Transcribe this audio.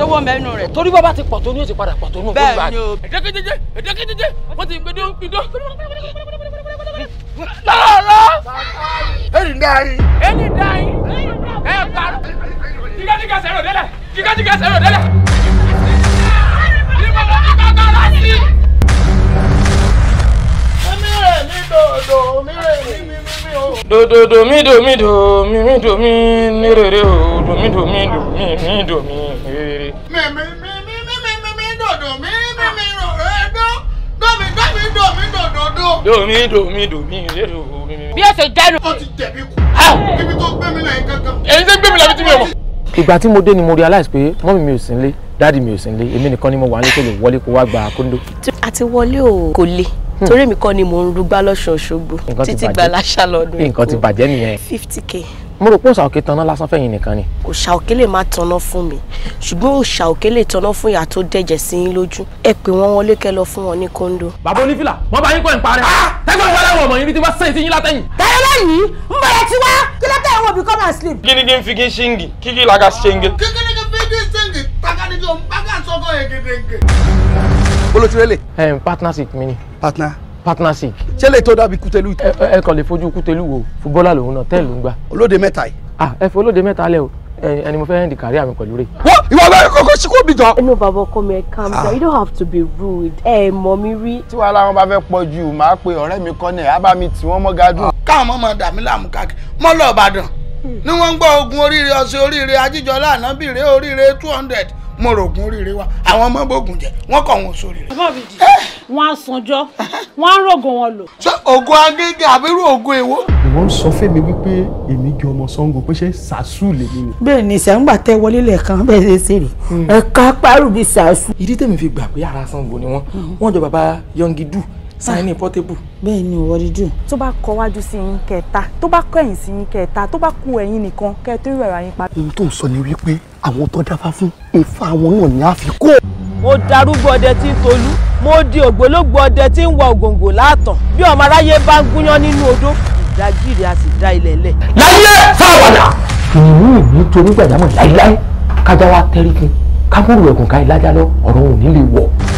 sówó mẹ́nu rẹ̀. torí bọ́ bá ti pọ̀ tó ní o ti padà pọ̀ tó ní bẹ́ẹ̀ ni o. ẹ̀dẹ́kẹ́jẹjẹ ẹ̀dẹ́kẹ́jẹjẹ wọ́n ti gbẹdọ́ gbẹdọ́. lọ́rọ̀. ẹni dáhìn. ẹni dáhìn. ẹ pa. jígájígá sẹ́rọ̀ délẹ̀ jígájígá sẹ́rọ̀ délẹ̀. dododomi domi domi mi domi ni rere o domi domi domi mi domi ni rere. mi mi mi mi mi mi mi mi dodo mi mi mi rore do domi domi domi dododo. domi domi domi rere o mi mi. bí o ṣe jẹ́nu. o ti jẹ̀bi kù. ibi tó gbé mi lẹ́yìn kankan. èyí ṣe gbé mi lẹ́bi tí mi ò mọ̀. ìgbà tí mo dé ni mo realize pé mọ́mí mi ò sí nílé dáàdi mi ò sí nílé èmi nìkan ni mo wà nílé tó lè wọlé kó wá gba kóńdó. àti wọlé o kò le Hmm. torí èmi kọ́ ni mò ń rúgbá lọ́sùn Òṣogbo títí gba láṣà lọ́dún èkó nǹkan ti bàjẹ́ nìyẹn. fifty k. mo rò pé òòṣà òkè tanná lásán fẹ̀yìn nìkan ni. òòṣà òkè lè má tanná fún mi ṣùgbọ́n òòṣà òkè lè tanná fún ìyá tó dẹ̀jẹ̀ sí yín lójú ẹ pè wọ́n wọlé kẹ́ lọ fún wọn ní kóńdó. bàbá onífìlà mo bá yín kọ́ ẹ̀ ń parẹ́. tẹ́gbẹ́ ah! wọn lẹ́wọ̀n ọmọ yín ní tí wọ́n sẹ́yìn sí yín látẹ̀yìn. tẹ́lẹ̀ lẹ́yìn ń olótìrẹ́lẹ̀. ẹ ẹ partnership mi ni. partner. partnership. ṣé lè tó dàbí kútẹ́lù. ẹ ẹ kàn lè fojú kútẹ́lù wo fúbọ́là lòun náà tẹ́ẹ̀ ló ń gbà. olóde mẹ́ta yìí. ah ẹ fi olóde mẹ́ta lẹ o ẹni mo fẹ́ ẹ̀ndì kárí àmì pẹ̀lú rẹ̀. wọ́n ìwà bẹ́ẹ̀ kọ́kọ́ sí kò bì jọ. ẹnu bàbá ọkọ mi ẹ calm down ah. you don't have to be rude ẹ mọ̀ mi rí. tí wàhálà wọn bá fẹ́ pọ̀ jù máa pe ọ̀rẹ́ mi kọ́ ni ẹ̀ á bá mi tì wọ́n mọ́ gádùn. Ah. káwọn ọmọ ọmọ dàmí làmú káàkiri mọ́ lọ́ọ̀bàdàn hmm. ni wọ́n ń gbọ́ ogun oríire ọ̀sẹ̀ oríire ajíjọlá ànábìrè oríire two hundred mo rògùn oríire wa àwọn ọmọ bògùn jẹ wọn kọ wọn sórí rẹ. bàbá mi di eh! wọn á sanjọ wọn á rògùn wọn lò. ṣé ògùn agége àbírú ògùn èwo. ìwọ ń sọ fẹmi wípé èmi jẹ ọmọ Ṣàngó pé ṣé sàásù lè mí ni. bẹ́ẹ̀ ni sàǹgbà tẹ wọlé lẹ́ẹ̀kan bẹ́ẹ̀ ṣe ṣe rè é hmm. ká pàrọ̀ bíi sàásù. ìdí tèmi fi gbà pé ara Ṣàngó ni wọn hmm. wọn jọ bàbá yọngidu ah. sáyẹnì pọ́tébù. bẹ́ẹ̀ ni ìwọ dídùn. tó bá kọ wájú sí yín kẹta tó bá kọ ẹ̀yìn sí yín kẹta tó bá kù ẹ̀yìn nìkan kẹ tó ìwẹ̀rọ yín pa. ohun tó ń sọ ni wípé àwọn tó dáfá fún ifá àwọn náà ni a fi kó. mo darúgbó ọdẹ tí ń tolú mo di ògbólógbò ọdẹ tí ń wọ ògòǹgò láàtàn bí ọmọ aráyé bá ń gúnyán nínú odó ìdágìrì a sì dá ilẹ̀ lẹ̀. láyé sáwàdà. kìnìún ò torí gbàdámọ̀ láíláí kájá wa tẹ́rí kí kámúrù ẹ̀gùn ká ìlàjà lọ ọ̀rọ̀ òní lè wọ̀.